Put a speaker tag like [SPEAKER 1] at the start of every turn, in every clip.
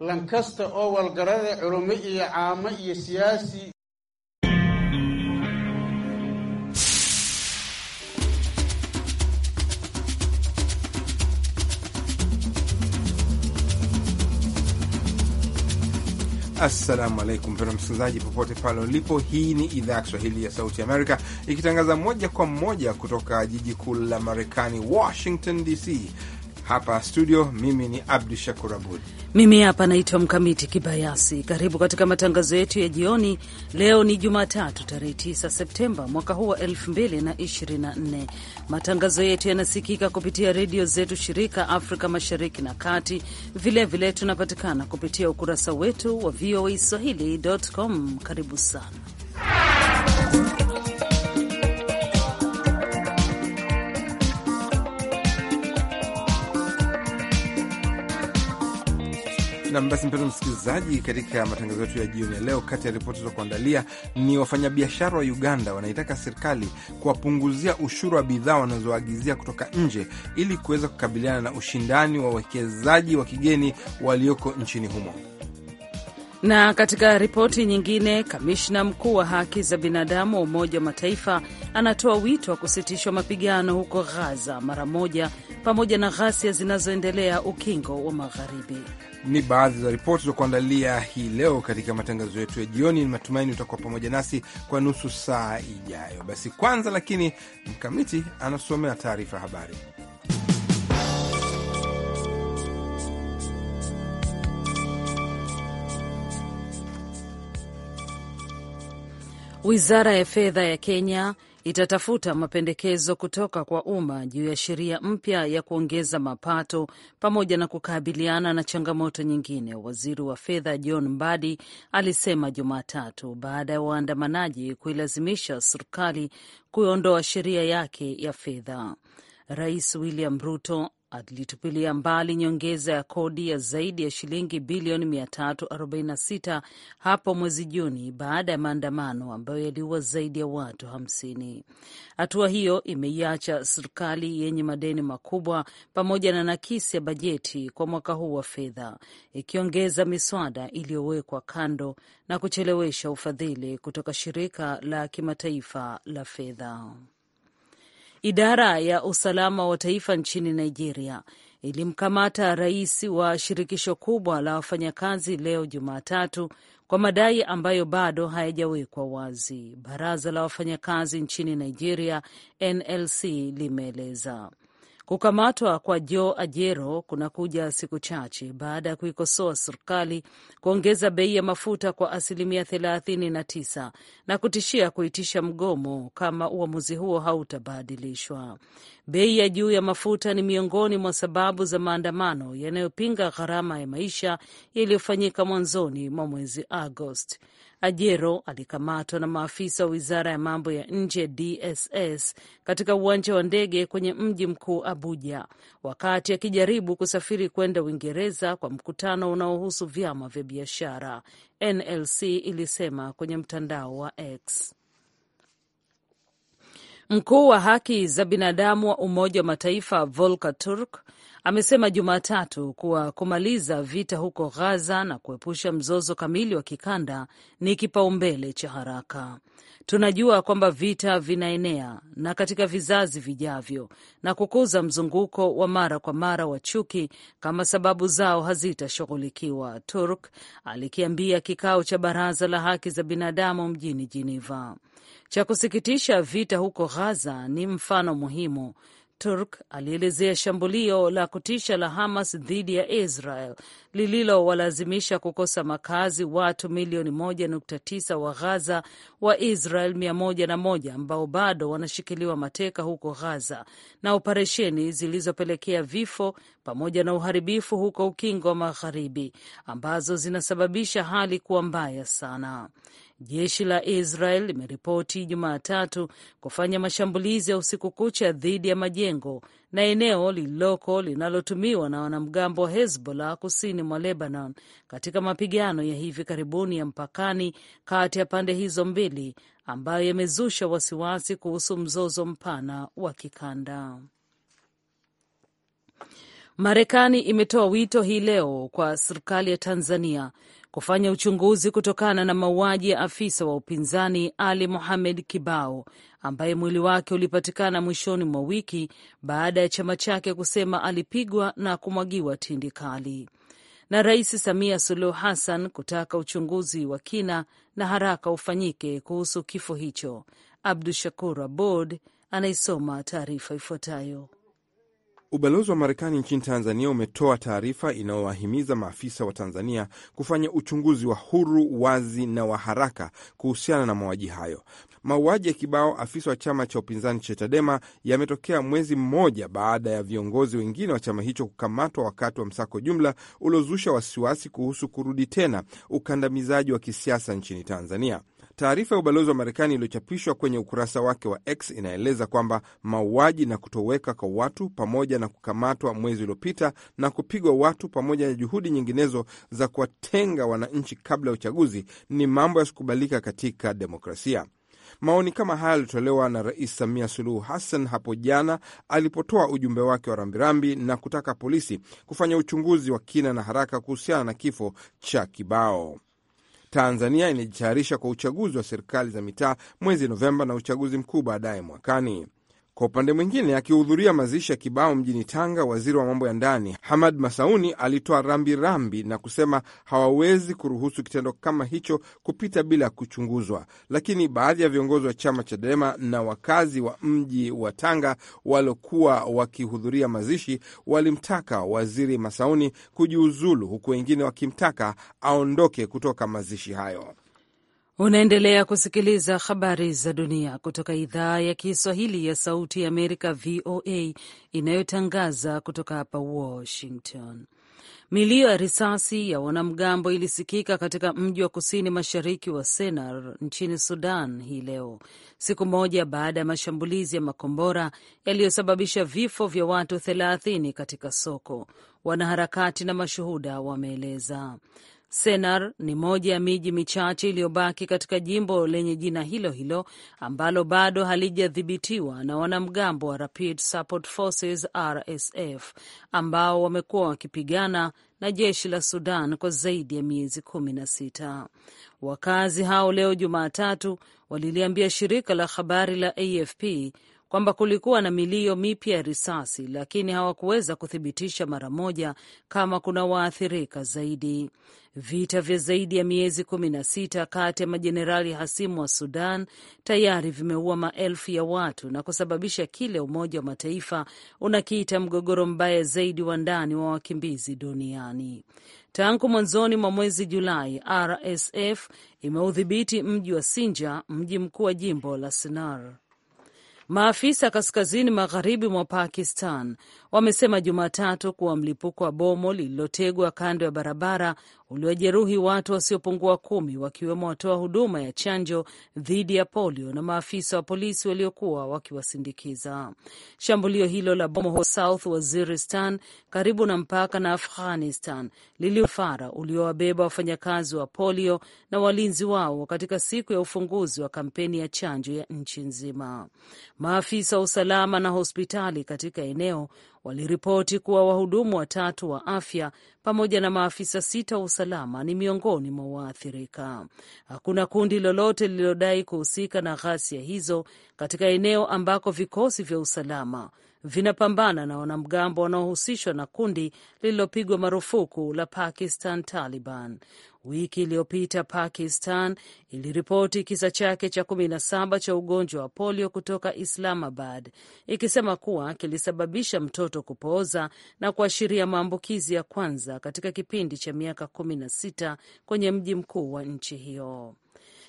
[SPEAKER 1] lankasta oo walgarada culumo iyo caamo iyo siyaasi
[SPEAKER 2] Assalamu alaikum pena msikilizaji, popote pale ulipo. Hii ni idhaa ya Kiswahili ya Sauti Amerika ikitangaza moja kwa moja kutoka jiji kuu la Marekani, Washington DC. Hapa studio mimi ni Abdu Shakur Abud.
[SPEAKER 3] Mimi hapa naitwa Mkamiti Kibayasi. Karibu katika matangazo yetu ya jioni. Leo ni Jumatatu, tarehe 9 Septemba mwaka huu wa 2024. Matangazo yetu yanasikika kupitia redio zetu shirika Afrika Mashariki na Kati. Vilevile vile tunapatikana kupitia ukurasa wetu wa VOA Swahili.com. Karibu sana
[SPEAKER 2] Nam, basi mpenzi msikilizaji, katika matangazo yetu ya jioni ya leo, kati ya ripoti za kuandalia ni wafanyabiashara wa Uganda wanaitaka serikali kuwapunguzia ushuru wa bidhaa wanazoagizia kutoka nje ili kuweza kukabiliana na ushindani wa wawekezaji wa kigeni walioko nchini humo.
[SPEAKER 3] Na katika ripoti nyingine, kamishna mkuu wa haki za binadamu wa Umoja wa Mataifa anatoa wito wa kusitishwa mapigano huko Ghaza mara moja, pamoja na ghasia zinazoendelea ukingo wa Magharibi
[SPEAKER 2] ni baadhi za ripoti za kuandalia hii leo katika matangazo yetu ya jioni. Matumaini utakuwa pamoja nasi kwa nusu saa ijayo. Basi kwanza, lakini Mkamiti anasomea taarifa habari.
[SPEAKER 3] Wizara ya fedha ya Kenya itatafuta mapendekezo kutoka kwa umma juu ya sheria mpya ya kuongeza mapato pamoja na kukabiliana na changamoto nyingine, waziri wa fedha John Mbadi alisema Jumatatu baada ya waandamanaji kuilazimisha serikali kuondoa sheria yake ya fedha. Rais William Ruto alitupilia mbali nyongeza ya kodi ya zaidi ya shilingi bilioni 346 hapo mwezi Juni baada ya maandamano ambayo yaliua zaidi ya watu 50. Hatua hiyo imeiacha serikali yenye madeni makubwa pamoja na nakisi ya bajeti kwa mwaka huu wa fedha, ikiongeza miswada iliyowekwa kando na kuchelewesha ufadhili kutoka shirika la kimataifa la fedha. Idara ya usalama wa taifa nchini Nigeria ilimkamata rais wa shirikisho kubwa la wafanyakazi leo Jumatatu kwa madai ambayo bado hayajawekwa wazi, baraza la wafanyakazi nchini Nigeria NLC limeeleza. Kukamatwa kwa Joe Ajero kunakuja siku chache baada ya kuikosoa serikali kuongeza bei ya mafuta kwa asilimia thelathini na tisa na kutishia kuitisha mgomo kama uamuzi huo hautabadilishwa. Bei ya juu ya mafuta ni miongoni mwa sababu za maandamano yanayopinga gharama ya maisha yaliyofanyika mwanzoni mwa mwezi Agosti. Ajero alikamatwa na maafisa wa wizara ya mambo ya nje DSS katika uwanja wa ndege kwenye mji mkuu Abuja wakati akijaribu kusafiri kwenda Uingereza kwa mkutano unaohusu vyama vya biashara, NLC ilisema kwenye mtandao wa X. Mkuu wa haki za binadamu wa Umoja wa Mataifa Volker Turk amesema Jumatatu kuwa kumaliza vita huko Gaza na kuepusha mzozo kamili wa kikanda ni kipaumbele cha haraka. Tunajua kwamba vita vinaenea na katika vizazi vijavyo, na kukuza mzunguko wa mara kwa mara wa chuki kama sababu zao hazitashughulikiwa, Turk alikiambia kikao cha Baraza la Haki za Binadamu mjini Jeneva. Cha kusikitisha, vita huko Gaza ni mfano muhimu Turk alielezea shambulio la kutisha la Hamas dhidi ya Israel lililowalazimisha kukosa makazi watu milioni 1.9 wa Ghaza wa Israel 101 ambao bado wanashikiliwa mateka huko Ghaza na operesheni zilizopelekea vifo pamoja na uharibifu huko Ukingo wa Magharibi ambazo zinasababisha hali kuwa mbaya sana. Jeshi la Israel limeripoti Jumatatu kufanya mashambulizi ya usiku kucha dhidi ya majengo na eneo lililoko linalotumiwa na wanamgambo wa Hezbollah kusini mwa Lebanon, katika mapigano ya hivi karibuni ya mpakani kati ya pande hizo mbili ambayo yamezusha wasiwasi kuhusu mzozo mpana wa kikanda. Marekani imetoa wito hii leo kwa serikali ya Tanzania kufanya uchunguzi kutokana na mauaji ya afisa wa upinzani Ali Mohamed Kibao ambaye mwili wake ulipatikana mwishoni mwa wiki baada ya chama chake kusema alipigwa na kumwagiwa tindikali na Rais Samia Suluhu Hassan kutaka uchunguzi wa kina na haraka ufanyike kuhusu kifo hicho. Abdu Shakur Abod anaisoma taarifa ifuatayo.
[SPEAKER 2] Ubalozi wa Marekani nchini Tanzania umetoa taarifa inayowahimiza maafisa wa Tanzania kufanya uchunguzi wa huru, wazi na wa haraka kuhusiana na mauaji hayo. Mauaji ya Kibao, afisa wa chama cha upinzani cha Chadema, yametokea mwezi mmoja baada ya viongozi wengine wa chama hicho kukamatwa wakati wa msako jumla uliozusha wasiwasi kuhusu kurudi tena ukandamizaji wa kisiasa nchini Tanzania. Taarifa ya ubalozi wa Marekani iliyochapishwa kwenye ukurasa wake wa X inaeleza kwamba mauaji na kutoweka kwa watu pamoja na kukamatwa mwezi uliopita na kupigwa watu pamoja na juhudi nyinginezo za kuwatenga wananchi kabla ya uchaguzi ni mambo yasikubalika katika demokrasia. Maoni kama haya yalitolewa na Rais Samia Suluhu Hassan hapo jana alipotoa ujumbe wake wa rambirambi na kutaka polisi kufanya uchunguzi wa kina na haraka kuhusiana na kifo cha Kibao. Tanzania inajitayarisha kwa uchaguzi wa serikali za mitaa mwezi Novemba na uchaguzi mkuu baadaye mwakani. Kwa upande mwingine, akihudhuria mazishi ya Kibao mjini Tanga, waziri wa mambo ya ndani Hamad Masauni alitoa rambirambi na kusema hawawezi kuruhusu kitendo kama hicho kupita bila kuchunguzwa. Lakini baadhi ya viongozi wa chama Chadema na wakazi wa mji wa Tanga waliokuwa wakihudhuria mazishi walimtaka waziri Masauni kujiuzulu, huku wengine wakimtaka aondoke kutoka mazishi hayo.
[SPEAKER 3] Unaendelea kusikiliza habari za dunia kutoka idhaa ya Kiswahili ya Sauti ya Amerika, VOA, inayotangaza kutoka hapa Washington. Milio ya risasi ya wanamgambo ilisikika katika mji wa kusini mashariki wa senar nchini Sudan hii leo, siku moja baada ya mashambulizi ya makombora yaliyosababisha vifo vya watu 30 katika soko, wanaharakati na mashuhuda wameeleza senar ni moja ya miji michache iliyobaki katika jimbo lenye jina hilo hilo ambalo bado halijadhibitiwa na wanamgambo wa Rapid Support Forces RSF ambao wamekuwa wakipigana na jeshi la Sudan kwa zaidi ya miezi kumi na sita. Wakazi hao leo Jumatatu waliliambia shirika la habari la AFP kwamba kulikuwa na milio mipya ya risasi, lakini hawakuweza kuthibitisha mara moja kama kuna waathirika zaidi. Vita vya zaidi ya miezi kumi na sita kati ya majenerali hasimu wa Sudan tayari vimeua maelfu ya watu na kusababisha kile Umoja wa Mataifa unakiita mgogoro mbaya zaidi wa ndani wa wakimbizi duniani. Tangu mwanzoni mwa mwezi Julai, RSF imeudhibiti mji wa Sinja, mji mkuu wa jimbo la Sinar. Maafisa kaskazini magharibi mwa Pakistan wamesema Jumatatu kuwa mlipuko wa bomo lililotegwa kando ya barabara uliojeruhi watu wasiopungua kumi wakiwemo watoa huduma ya chanjo dhidi ya polio na maafisa wa polisi waliokuwa wakiwasindikiza. Shambulio hilo la bomu huko South Waziristan, karibu na mpaka na Afghanistan, liliofara uliowabeba wafanyakazi wa polio na walinzi wao katika siku ya ufunguzi wa kampeni ya chanjo ya nchi nzima. Maafisa wa usalama na hospitali katika eneo waliripoti kuwa wahudumu watatu wa afya pamoja na maafisa sita wa usalama ni miongoni mwa waathirika. Hakuna kundi lolote lililodai kuhusika na ghasia hizo katika eneo ambako vikosi vya usalama vinapambana na wanamgambo wanaohusishwa na kundi lililopigwa marufuku la Pakistan Taliban. Wiki iliyopita Pakistan iliripoti kisa chake cha 17 cha ugonjwa wa polio kutoka Islamabad, ikisema kuwa kilisababisha mtoto kupooza na kuashiria maambukizi ya kwanza katika kipindi cha miaka 16 kwenye mji mkuu wa nchi hiyo.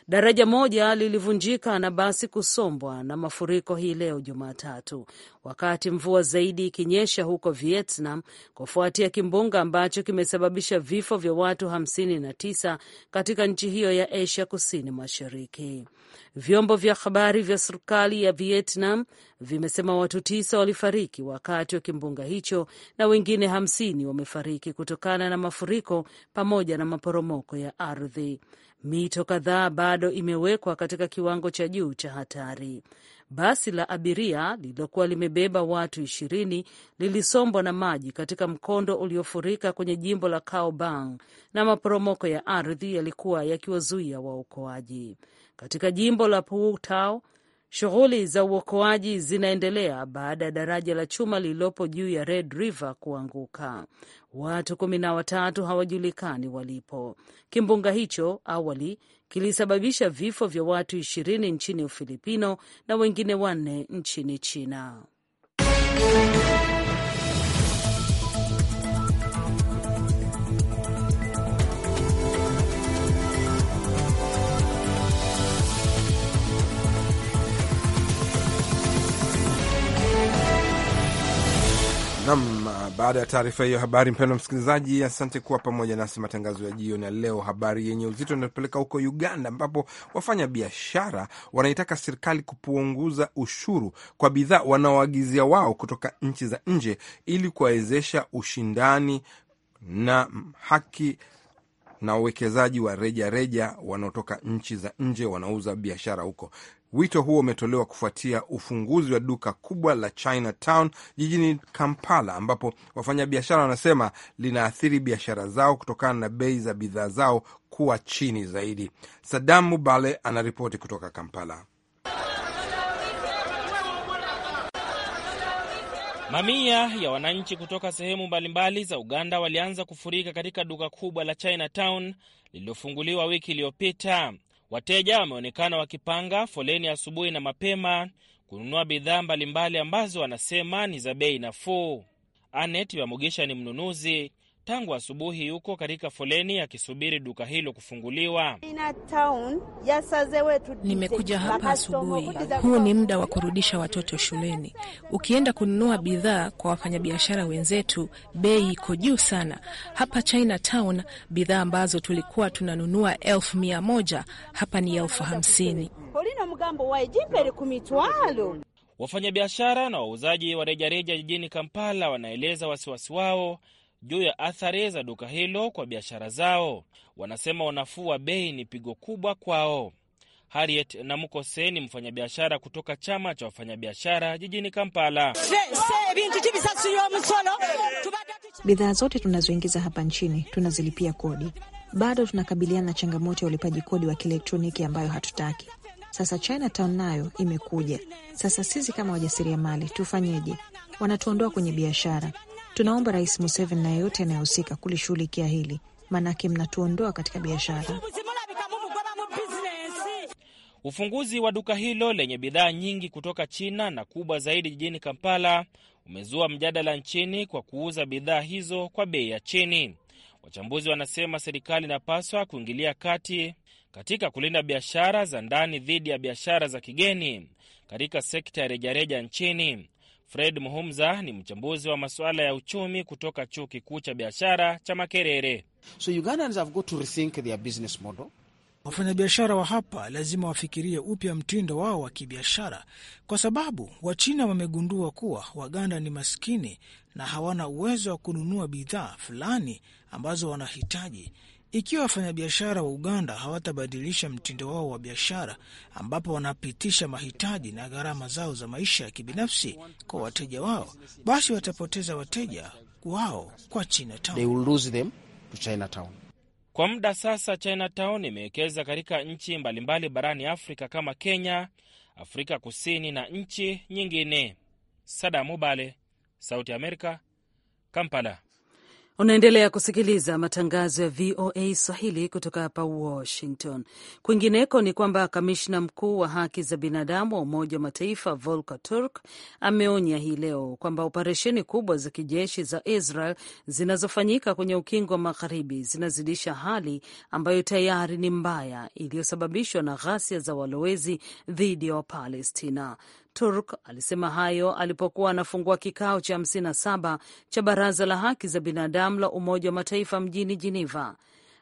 [SPEAKER 3] Daraja moja lilivunjika na basi kusombwa na mafuriko hii leo Jumatatu, wakati mvua zaidi ikinyesha huko Vietnam kufuatia kimbunga ambacho kimesababisha vifo vya watu 59 katika nchi hiyo ya Asia kusini mashariki. Vyombo vya habari vya serikali ya Vietnam vimesema watu tisa walifariki wakati wa kimbunga hicho na wengine 50 wamefariki kutokana na mafuriko pamoja na maporomoko ya ardhi. Mito kadhaa bado imewekwa katika kiwango cha juu cha hatari. Basi la abiria lililokuwa limebeba watu ishirini lilisombwa na maji katika mkondo uliofurika kwenye jimbo la Kaobang na maporomoko ya ardhi yalikuwa yakiwazuia waokoaji. Katika jimbo la Puutow, Shughuli za uokoaji zinaendelea baada ya daraja la chuma lililopo juu ya Red River kuanguka. Watu kumi na watatu hawajulikani walipo. Kimbunga hicho awali kilisababisha vifo vya watu ishirini nchini Ufilipino na wengine wanne nchini China.
[SPEAKER 2] Nam, baada ya taarifa hiyo habari, mpendwa msikilizaji, asante kuwa pamoja nasi matangazo ya jioni ya leo. Habari yenye uzito inapeleka huko Uganda, ambapo wafanya biashara wanaitaka serikali kupunguza ushuru kwa bidhaa wanaoagizia wao kutoka nchi za nje ili kuwawezesha ushindani na haki na uwekezaji wa rejareja wanaotoka nchi za nje wanauza biashara huko. Wito huo umetolewa kufuatia ufunguzi wa duka kubwa la Chinatown jijini Kampala, ambapo wafanyabiashara wanasema linaathiri biashara zao kutokana na bei za bidhaa zao kuwa chini zaidi. Sadam Mubale anaripoti kutoka Kampala. Mamia ya
[SPEAKER 4] wananchi kutoka sehemu mbalimbali za Uganda walianza kufurika katika duka kubwa la Chinatown lililofunguliwa wiki iliyopita. Wateja wameonekana wakipanga foleni asubuhi na mapema kununua bidhaa mbalimbali ambazo wanasema ni za bei nafuu. Anet Bamugisha ni mnunuzi tangu asubuhi yuko katika foleni akisubiri duka hilo kufunguliwa.
[SPEAKER 3] Nimekuja hapa asubuhi, huu ni muda wa kurudisha watoto shuleni. Ukienda kununua bidhaa kwa wafanyabiashara wenzetu, bei iko juu sana hapa Chinatown. Bidhaa ambazo tulikuwa tunanunua elfu mia moja hapa ni elfu hamsini.
[SPEAKER 4] Wafanyabiashara na wauzaji wa rejareja jijini Kampala wanaeleza wasiwasi wao juu ya athari za duka hilo kwa biashara zao. Wanasema wa bei ni pigo kubwa kwao. Harriet Namukose ni mfanyabiashara kutoka chama cha wafanyabiashara jijini Kampala.
[SPEAKER 3] Bidhaa zote tunazoingiza hapa nchini tunazilipia kodi. Bado tunakabiliana na changamoto ya ulipaji kodi wa kielektroniki ambayo hatutaki. Sasa Chinatown nayo imekuja. Sasa sisi kama wajasiriamali tufanyeje? Wanatuondoa kwenye biashara, Tunaomba Rais Museveni na yeyote anayehusika kulishughulikia hili, maanake mnatuondoa katika biashara.
[SPEAKER 4] Ufunguzi wa duka hilo lenye bidhaa nyingi kutoka China na kubwa zaidi jijini Kampala umezua mjadala nchini kwa kuuza bidhaa hizo kwa bei ya chini. Wachambuzi wanasema serikali inapaswa kuingilia kati katika kulinda biashara za ndani dhidi ya biashara za kigeni katika sekta ya rejareja nchini. Fred Muhumza ni mchambuzi wa masuala ya uchumi kutoka chuo kikuu cha biashara cha Makerere. So
[SPEAKER 5] wafanyabiashara wa hapa lazima wafikirie upya mtindo wao wa kibiashara, kwa sababu Wachina wamegundua kuwa Waganda ni maskini na hawana uwezo wa kununua bidhaa fulani ambazo wanahitaji, ikiwa wafanyabiashara wa Uganda hawatabadilisha mtindo wao wa biashara, ambapo wanapitisha mahitaji na gharama zao za maisha ya kibinafsi kwa wateja wao, basi watapoteza wateja wao kwa Chinatown.
[SPEAKER 4] Kwa muda sasa, Chinatown imewekeza katika nchi mbalimbali barani Afrika kama Kenya, Afrika Kusini na nchi nyingine. Sada Mubale, Sauti Amerika,
[SPEAKER 3] Kampala. Unaendelea kusikiliza matangazo ya VOA Swahili kutoka hapa Washington. Kwingineko ni kwamba kamishna mkuu wa haki za binadamu wa Umoja wa Mataifa Volker Turk ameonya hii leo kwamba operesheni kubwa za kijeshi za Israel zinazofanyika kwenye ukingo wa Magharibi zinazidisha hali ambayo tayari ni mbaya, iliyosababishwa na ghasia za walowezi dhidi ya Wapalestina. Turk alisema hayo alipokuwa anafungua kikao cha 57 cha Baraza la Haki za Binadamu la Umoja wa Mataifa mjini Geneva.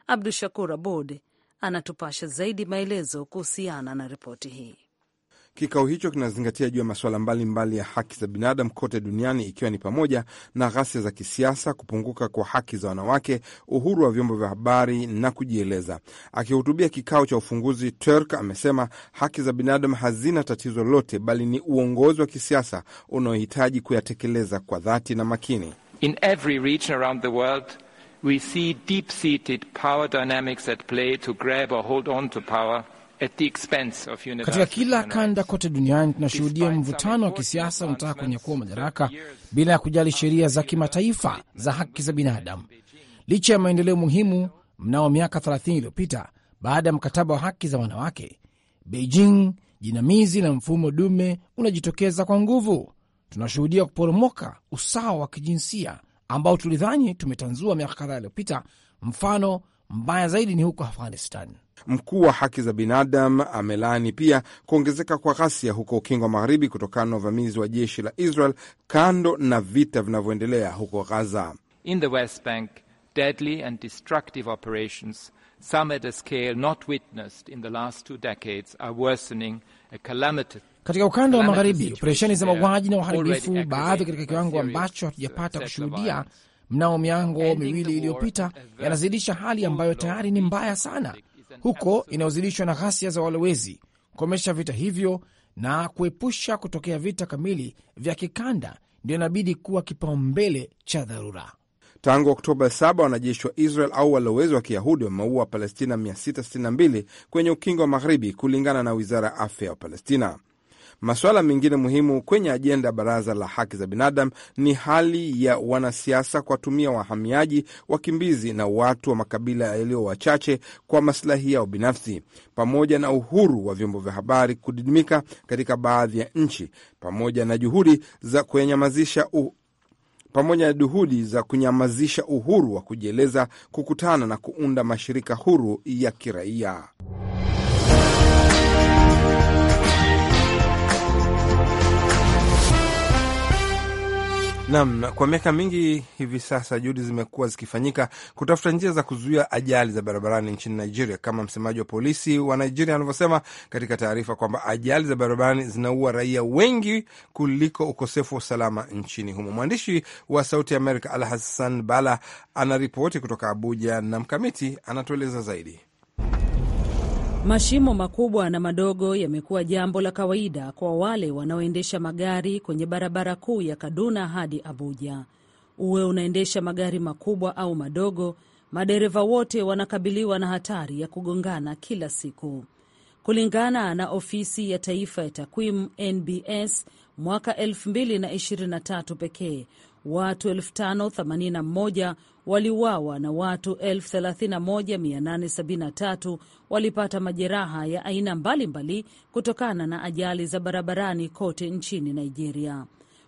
[SPEAKER 3] Abdu Shakur Abud anatupasha zaidi maelezo kuhusiana na ripoti hii.
[SPEAKER 2] Kikao hicho kinazingatia juu ya masuala mbalimbali ya haki za binadamu kote duniani, ikiwa ni pamoja na ghasia za kisiasa, kupunguka kwa haki za wanawake, uhuru wa vyombo vya habari na kujieleza. Akihutubia kikao cha ufunguzi, Turk amesema haki za binadamu hazina tatizo lolote, bali ni uongozi wa kisiasa unaohitaji kuyatekeleza kwa dhati na makini. In every region around the world we see deep-seated power dynamics at play to grab or hold on to power katika
[SPEAKER 5] kila kanda kote duniani tunashuhudia mvutano wa kisiasa unataka kunyakua madaraka bila ya kujali sheria za kimataifa za haki za binadamu. Licha ya maendeleo muhimu mnao miaka 30 iliyopita baada ya mkataba wa haki za wanawake, Beijing, jinamizi na mfumo dume unajitokeza kwa nguvu. Tunashuhudia kuporomoka usawa wa kijinsia ambao tulidhani tumetanzua miaka kadhaa iliyopita. Mfano mbaya zaidi ni huko Afghanistan.
[SPEAKER 2] Mkuu wa haki za binadamu amelaani pia kuongezeka kwa ghasia huko Ukingo wa Magharibi kutokana na uvamizi wa jeshi la Israel kando na vita vinavyoendelea huko Ghaza. In the West Bank, deadly and destructive operations some at a scale not witnessed in the last two decades are worsening a
[SPEAKER 5] katika ukanda wa magharibi operesheni za mauaji na uharibifu, baadhi katika kiwango ambacho hatujapata kushuhudia mnao miango miwili iliyopita, yanazidisha hali ambayo tayari ni mbaya sana huko inayozidishwa na ghasia za walowezi, kukomesha vita hivyo na kuepusha kutokea vita kamili vya kikanda ndio inabidi kuwa kipaumbele cha dharura.
[SPEAKER 2] Tangu Oktoba 7 wanajeshi wa Israel au walowezi wa Kiyahudi wameua Wapalestina 662 kwenye ukingo wa Magharibi, kulingana na wizara ya afya ya Palestina. Masuala mengine muhimu kwenye ajenda ya Baraza la Haki za Binadamu ni hali ya wanasiasa kuwatumia wahamiaji, wakimbizi na watu wa makabila yaliyo wachache kwa masilahi yao binafsi, pamoja na uhuru wa vyombo vya habari kudidimika katika baadhi ya nchi, pamoja na juhudi za kunyamazisha u pamoja na juhudi za kunyamazisha uhuru wa kujieleza, kukutana na kuunda mashirika huru ya kiraia. nam kwa miaka mingi hivi sasa juhudi zimekuwa zikifanyika kutafuta njia za kuzuia ajali za barabarani nchini Nigeria, kama msemaji wa polisi wa Nigeria anavyosema katika taarifa kwamba ajali za barabarani zinaua raia wengi kuliko ukosefu wa usalama nchini humo. Mwandishi wa Sauti ya Amerika Al Hassan Bala anaripoti kutoka Abuja na Mkamiti anatueleza zaidi.
[SPEAKER 3] Mashimo makubwa na madogo yamekuwa jambo la kawaida kwa wale wanaoendesha magari kwenye barabara kuu ya Kaduna hadi Abuja. Uwe unaendesha magari makubwa au madogo, madereva wote wanakabiliwa na hatari ya kugongana kila siku. Kulingana na ofisi ya taifa ya takwimu NBS, mwaka 2023 pekee watu 581 waliuawa na watu 31873 walipata majeraha ya aina mbalimbali kutokana na ajali za barabarani kote nchini Nigeria,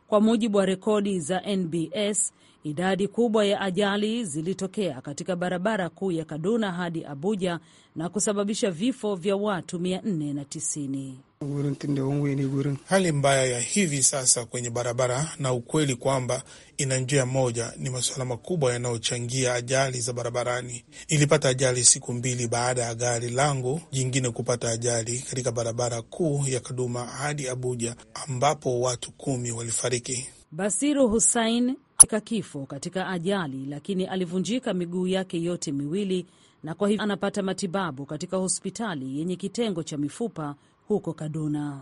[SPEAKER 3] kwa mujibu wa rekodi za NBS. Idadi kubwa ya ajali zilitokea katika barabara kuu ya Kaduna hadi Abuja na kusababisha vifo vya watu 490.
[SPEAKER 1] Hali mbaya ya hivi sasa kwenye barabara na ukweli kwamba ina njia moja ni masuala makubwa yanayochangia ajali za barabarani. Nilipata ajali siku mbili baada ya gari langu jingine kupata ajali katika barabara kuu ya kaduma hadi Abuja ambapo watu kumi walifariki.
[SPEAKER 3] Basiru Hussein katika kifo katika ajali, lakini alivunjika miguu yake yote miwili na kwa hivyo anapata matibabu katika hospitali yenye kitengo cha mifupa huko Kaduna.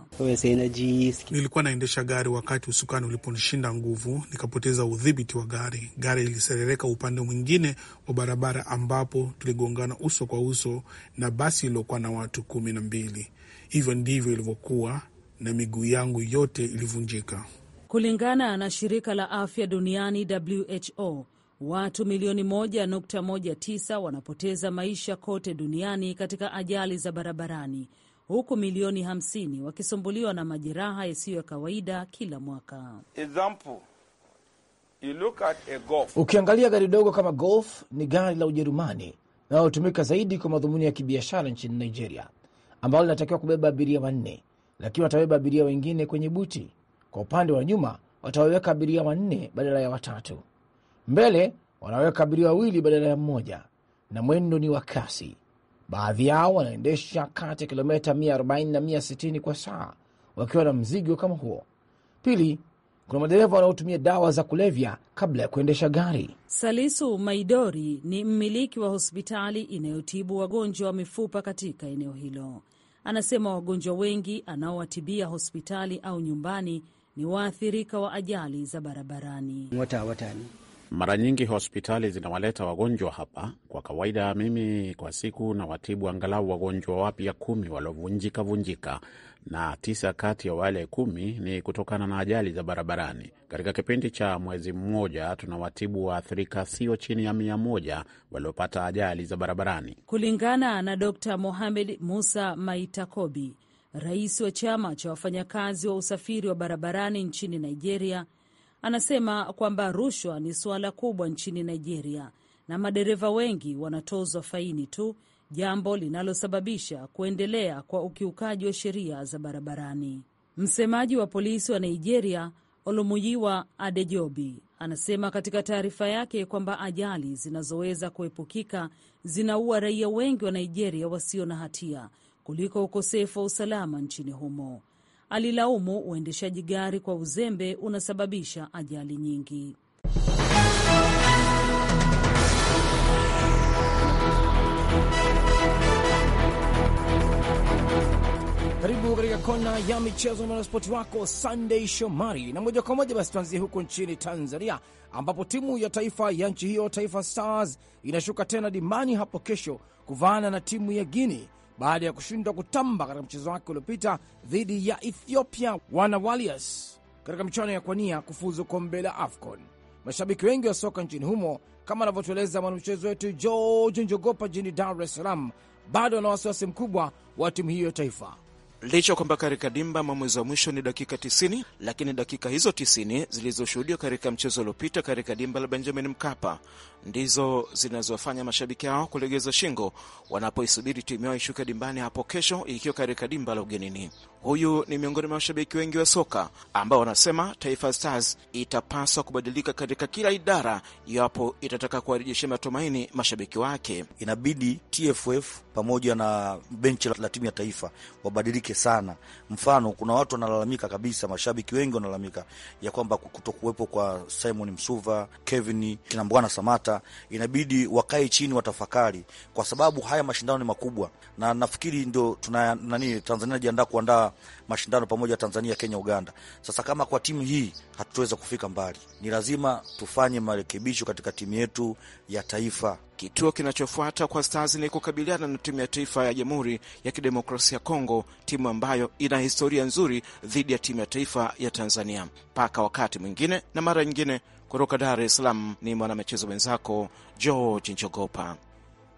[SPEAKER 1] Nilikuwa naendesha gari wakati usukani uliponishinda nguvu, nikapoteza udhibiti wa gari. Gari iliserereka upande mwingine wa barabara, ambapo tuligongana uso kwa uso na basi iliokuwa na watu kumi na mbili. Hivyo ndivyo ilivyokuwa, na miguu yangu yote ilivunjika.
[SPEAKER 3] Kulingana na shirika la afya duniani WHO, watu milioni 1.19 wanapoteza maisha kote duniani katika ajali za barabarani, huku milioni 50 wakisumbuliwa na majeraha yasiyo ya kawaida kila mwaka. Example, you look at a golf.
[SPEAKER 5] Ukiangalia gari dogo kama golf ni gari la Ujerumani linalotumika zaidi kwa madhumuni ya kibiashara nchini Nigeria, ambalo linatakiwa kubeba abiria wanne, lakini watabeba abiria wengine kwenye buti kwa upande wa nyuma watawaweka abiria wanne badala ya watatu, mbele wanaweka abiria wawili badala ya mmoja, na mwendo ni wa kasi. Baadhi yao wanaendesha kati ya kilomita 140 na 160 kwa saa wakiwa na mzigo kama huo. Pili, kuna madereva wanaotumia dawa za kulevya kabla ya kuendesha gari.
[SPEAKER 3] Salisu Maidori ni mmiliki wa hospitali inayotibu wagonjwa wa mifupa katika eneo hilo. Anasema wagonjwa wengi anaowatibia hospitali au nyumbani ni waathirika wa ajali za barabarani.
[SPEAKER 4] wata watani mara nyingi hospitali zinawaleta wagonjwa hapa. Kwa kawaida, mimi kwa siku na watibu angalau wagonjwa wapya kumi waliovunjika vunjika, na tisa kati ya wale kumi ni kutokana na ajali za barabarani. Katika kipindi cha mwezi mmoja, tunawatibu waathirika sio chini ya mia moja waliopata ajali za barabarani,
[SPEAKER 3] kulingana na Dr Mohamed Musa Maitakobi, Rais wa chama cha wafanyakazi wa usafiri wa barabarani nchini Nigeria anasema kwamba rushwa ni suala kubwa nchini Nigeria na madereva wengi wanatozwa faini tu, jambo linalosababisha kuendelea kwa ukiukaji wa sheria za barabarani. Msemaji wa polisi wa Nigeria Olumuyiwa Adejobi anasema katika taarifa yake kwamba ajali zinazoweza kuepukika zinaua raia wengi wa Nigeria wasio na hatia kuliko ukosefu wa usalama nchini humo. Alilaumu uendeshaji gari kwa uzembe unasababisha ajali nyingi.
[SPEAKER 5] Karibu katika kona ya michezo na mwanaspoti wako Sunday Shomari, na moja kwa moja basi tuanzie huko nchini Tanzania, ambapo timu ya taifa ya nchi hiyo Taifa Stars inashuka tena dimani hapo kesho kuvaana na timu ya Guinea baada ya kushindwa kutamba katika mchezo wake uliopita dhidi ya Ethiopia wana Walias katika michuano ya kwania kufuzu kombe la AFCON. Mashabiki wengi wa soka nchini humo, kama anavyotueleza mwanamchezo wetu George Njogopa jijini Dar es Salaam, bado wana wasiwasi mkubwa wa timu hiyo ya taifa
[SPEAKER 4] licha kwamba katika dimba mwamuzi wa mwisho ni dakika 90, lakini dakika hizo 90 zilizoshuhudiwa katika mchezo uliopita katika dimba la Benjamin Mkapa ndizo zinazofanya mashabiki hao kulegeza shingo wanapoisubiri timu yao ishuke dimbani hapo kesho, ikiwa katika dimba la ugenini. Huyu ni miongoni mwa mashabiki wengi wa soka ambao wanasema Taifa Stars itapaswa kubadilika katika kila
[SPEAKER 1] idara iwapo itataka kuwarejeshia matumaini mashabiki wake. Inabidi TFF pamoja na benchi la timu ya taifa wabadilike sana. Mfano, kuna watu wanalalamika kabisa, mashabiki wengi wanalalamika ya kwamba kutokuwepo kwa Simon Msuva, Kevin Kinambwana Samata inabidi wakae chini watafakari, kwa sababu haya mashindano ni makubwa, na nafikiri ndio tuna nani, Tanzania najiandaa kuandaa mashindano pamoja, Tanzania, Kenya, Uganda. Sasa kama kwa timu hii hatutaweza kufika mbali, ni lazima tufanye marekebisho katika timu yetu ya taifa. Kituo kinachofuata kwa Stars ni kukabiliana
[SPEAKER 4] na timu ya taifa ya Jamhuri ya Kidemokrasia ya Kongo, timu ambayo ina historia nzuri dhidi ya timu ya taifa ya Tanzania. Mpaka wakati mwingine na mara nyingine. Kutoka Dar es Salaam ni mwanamichezo mwenzako George Njogopa.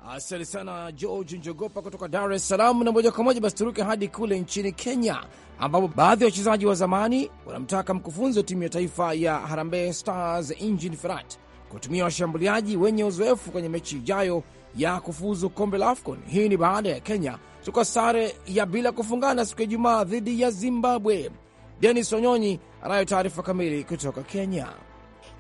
[SPEAKER 5] Asante sana George Njogopa kutoka Dar es Salaam. Na moja kwa moja basi turuke hadi kule nchini Kenya, ambapo baadhi ya wachezaji wa zamani wanamtaka mkufunzi wa timu ya taifa ya Harambee Stars Engin Firat kutumia washambuliaji wenye uzoefu kwenye mechi ijayo ya kufuzu kombe la AFCON. Hii ni baada ya Kenya tuka sare ya bila kufungana siku ya Ijumaa dhidi ya Zimbabwe. Denis Onyonyi anayo taarifa kamili kutoka Kenya.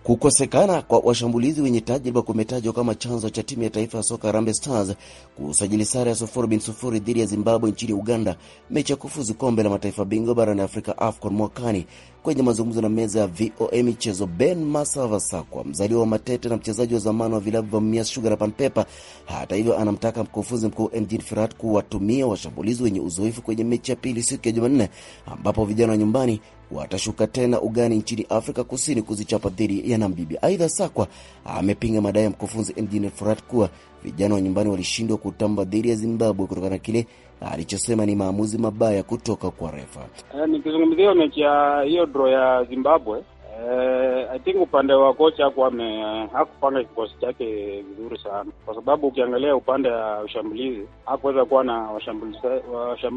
[SPEAKER 1] Kukosekana kwa washambulizi wenye tajriba kumetajwa kama chanzo cha timu ya taifa ya soka Harambee Stars kusajili sare ya sufuri bin sufuri dhidi ya Zimbabwe nchini Uganda, mechi ya kufuzu kombe la mataifa bingwa barani Afrika AFCON mwakani Kwenye mazungumzo na meza ya VOA michezo, Ben Masavasakwa, mzaliwa wa Matete na mchezaji wa zamani wa vilabu vya Mia Sugar na Panpepa, hata hivyo, anamtaka mkufunzi mkuu Engin Firat kuwatumia washambulizi wenye uzoefu kwenye mechi ya pili siku ya Jumanne, ambapo vijana wa nyumbani watashuka tena ugani nchini Afrika Kusini kuzichapa dhidi ya Namibia. Aidha, Sakwa amepinga madai ya mkufunzi Engin Firat kuwa vijana wa nyumbani walishindwa kutamba dhidi ya Zimbabwe kutokana na kile na alichosema ni maamuzi mabaya kutoka kwa refa.
[SPEAKER 3] Eh,
[SPEAKER 4] nikizungumzia mechi ya hiyo draw ya Zimbabwe Uh, I think upande wa kocha ame hakupanga kikosi chake vizuri sana, kwa sababu ukiangalia upande wa ushambulizi hakuweza kuwa na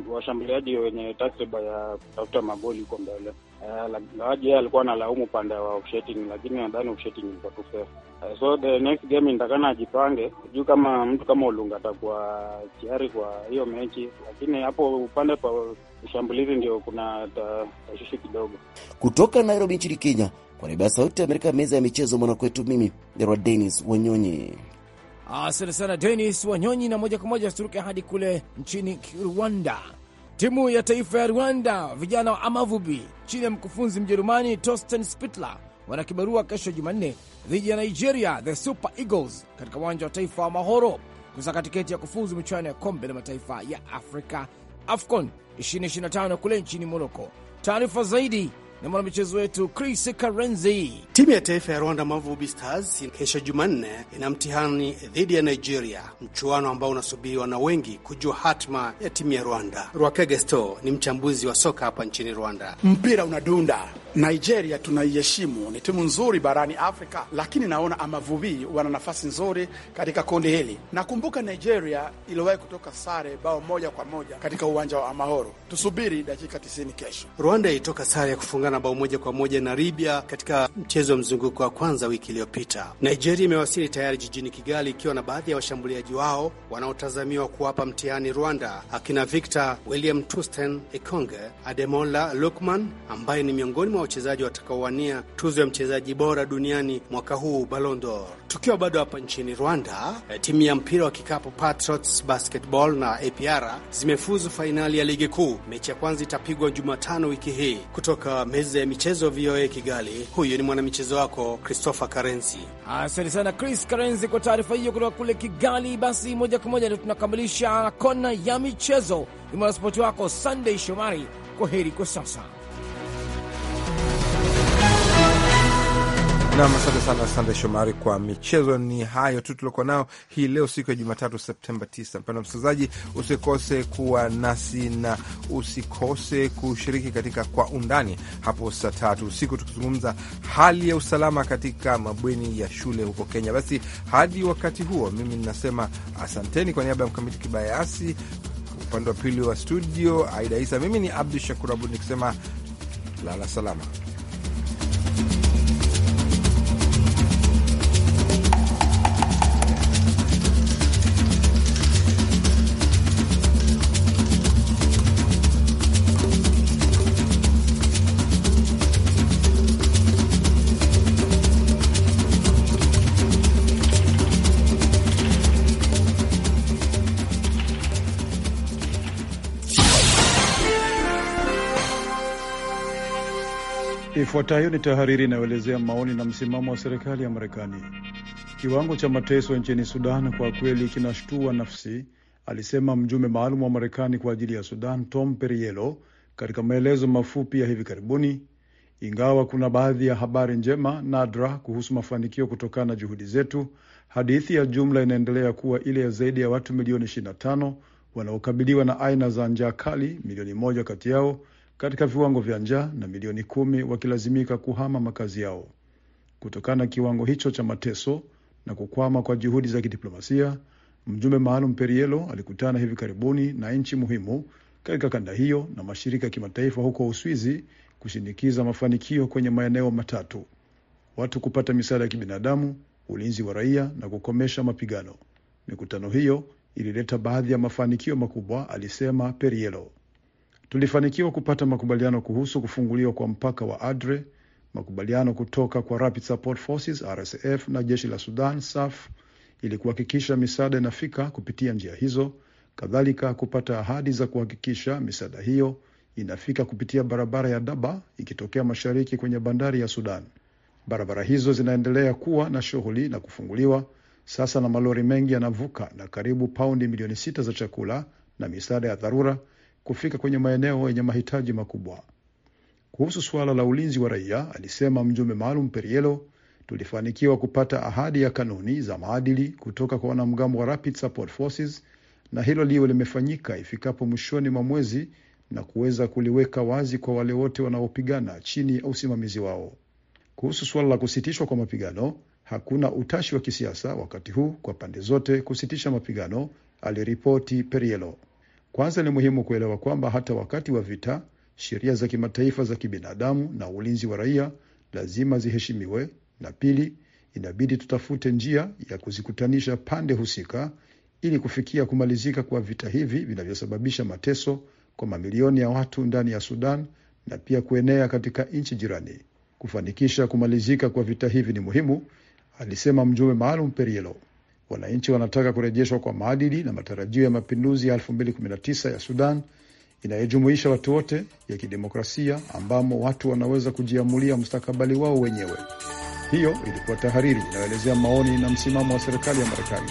[SPEAKER 4] washambuliaji wenye takriba ya kutafuta magoli huko mbele. Ingawaji eh, yeye alikuwa analaumu upande wa ofsheting, lakini nadhani ofsheting ilikuwa tu fair. Uh, so the next game nitakana ajipange juu kama mtu kama Olunga atakuwa tayari kwa hiyo mechi, lakini hapo upande pa shambulizi ndio kuna tashishi kidogo.
[SPEAKER 1] Kutoka Nairobi nchini Kenya, kwa niaba ya Sauti ya Amerika, meza ya michezo mwanakwetu, mimi Nerwa Denis Wanyonyi.
[SPEAKER 5] Asante sana Denis Wanyonyi, na moja kwa moja turuke hadi kule nchini Rwanda. Timu ya taifa ya Rwanda vijana wa Amavubi chini ya mkufunzi Mjerumani Torsten Spittler wana kibarua kesho Jumanne dhidi ya Nigeria the Super Eagles katika uwanja wa taifa wa Mahoro kusaka tiketi ya kufuzu michuano ya kombe la mataifa ya Afrika AFCON 2025 kule nchini Moroko.
[SPEAKER 1] Taarifa zaidi na mwanamichezo wetu Chris Karenzi. Timu ya taifa ya Rwanda, Mavubi Stars, kesho Jumanne ina mtihani dhidi ya Nigeria, mchuano ambao unasubiriwa na wengi kujua hatma ya timu ya Rwanda. rwakegesto ni mchambuzi wa soka hapa nchini Rwanda. Mpira unadunda Nigeria tunaiheshimu, ni timu nzuri barani Afrika, lakini naona Amavubi wana nafasi nzuri katika kundi hili. Nakumbuka Nigeria iliwahi kutoka sare bao moja kwa moja katika uwanja wa Amahoro. Tusubiri dakika 90 kesho. Rwanda ilitoka sare ya kufungana bao moja kwa moja na Libya katika mchezo wa mzunguko wa kwanza wiki iliyopita. Nigeria imewasili tayari jijini Kigali ikiwa na baadhi ya washambuliaji wao wanaotazamiwa kuwapa mtihani Rwanda, akina Victor William Tusten Ekonge, Ademola Lukman ambaye ni miongoni mwa wa wachezaji watakaowania tuzo ya mchezaji bora duniani mwaka huu Ballon d'Or. Tukiwa bado hapa nchini Rwanda, eh, timu ya mpira wa kikapu Patriots Basketball na APR zimefuzu fainali ya ligi kuu. Mechi ya kwanza itapigwa Jumatano wiki hii. Kutoka meza ya michezo VOA Kigali, huyu ni mwanamichezo wako Christopher Karenzi.
[SPEAKER 5] Asante sana Chris Karenzi kwa taarifa hiyo kutoka kule Kigali. Basi moja kwa moja ndio tunakamilisha kona ya michezo. Ni mwanaspoti wako Sunday Shomari. Kwa heri kwa sasa.
[SPEAKER 2] Nam, asante sana Sande Shomari kwa michezo. Ni hayo tu tuliokuwa nao hii leo, siku ya Jumatatu Septemba 9. Mpendwa msikilizaji, usikose kuwa nasi na usikose kushiriki katika Kwa Undani hapo saa tatu usiku, tukizungumza hali ya usalama katika mabweni ya shule huko Kenya. Basi hadi wakati huo, mimi ninasema asanteni kwa niaba ya Mkamiti Kibayasi, upande wa pili wa studio Aida Isa, mimi ni Abdu Shakur Abud nikisema lala salama.
[SPEAKER 6] Ifuatayo ni tahariri inayoelezea maoni na msimamo wa serikali ya Marekani. Kiwango cha mateso nchini Sudan kwa kweli kinashtua nafsi, alisema mjumbe maalum wa Marekani kwa ajili ya Sudan Tom Perriello katika maelezo mafupi ya hivi karibuni. Ingawa kuna baadhi ya habari njema nadra kuhusu mafanikio kutokana na juhudi zetu, hadithi ya jumla inaendelea kuwa ile ya zaidi ya watu milioni 25 wanaokabiliwa na aina za njaa kali, milioni moja kati yao katika viwango vya njaa na milioni kumi wakilazimika kuhama makazi yao. Kutokana na kiwango hicho cha mateso na kukwama kwa juhudi za kidiplomasia, mjumbe maalum Perielo alikutana hivi karibuni na nchi muhimu katika kanda hiyo na mashirika ya kimataifa huko Uswizi kushinikiza mafanikio kwenye maeneo matatu: watu kupata misaada ya kibinadamu, ulinzi wa raia na kukomesha mapigano. Mikutano hiyo ilileta baadhi ya mafanikio makubwa, alisema Perielo tulifanikiwa kupata makubaliano kuhusu kufunguliwa kwa mpaka wa Adre, makubaliano kutoka kwa Rapid Support Forces RSF na jeshi la Sudan SAF ili kuhakikisha misaada inafika kupitia njia hizo, kadhalika kupata ahadi za kuhakikisha misaada hiyo inafika kupitia barabara ya Daba ikitokea mashariki kwenye bandari ya Sudan. Barabara hizo zinaendelea kuwa na shughuli na kufunguliwa sasa, na malori mengi yanavuka na karibu paundi milioni sita za chakula na misaada ya dharura kufika kwenye maeneo yenye mahitaji makubwa. Kuhusu suala la ulinzi wa raia, alisema mjumbe maalum Perielo, tulifanikiwa kupata ahadi ya kanuni za maadili kutoka kwa wanamgambo wa Rapid Support Forces na hilo liwe limefanyika ifikapo mwishoni mwa mwezi na kuweza kuliweka wazi kwa wale wote wanaopigana chini ya usimamizi wao. Kuhusu suala la kusitishwa kwa mapigano, hakuna utashi wa kisiasa wakati huu kwa pande zote kusitisha mapigano, aliripoti Perielo. Kwanza ni muhimu kuelewa kwamba hata wakati wa vita, sheria za kimataifa za kibinadamu na ulinzi wa raia lazima ziheshimiwe, na pili, inabidi tutafute njia ya kuzikutanisha pande husika ili kufikia kumalizika kwa vita hivi vinavyosababisha mateso kwa mamilioni ya watu ndani ya Sudan na pia kuenea katika nchi jirani. Kufanikisha kumalizika kwa vita hivi ni muhimu, alisema mjumbe maalum Perielo. Wananchi wanataka kurejeshwa kwa maadili na matarajio ya mapinduzi ya 2019 ya Sudan inayojumuisha watu wote ya kidemokrasia ambamo watu wanaweza kujiamulia mustakabali wao wenyewe. Hiyo ilikuwa tahariri inayoelezea maoni na msimamo wa serikali ya Marekani.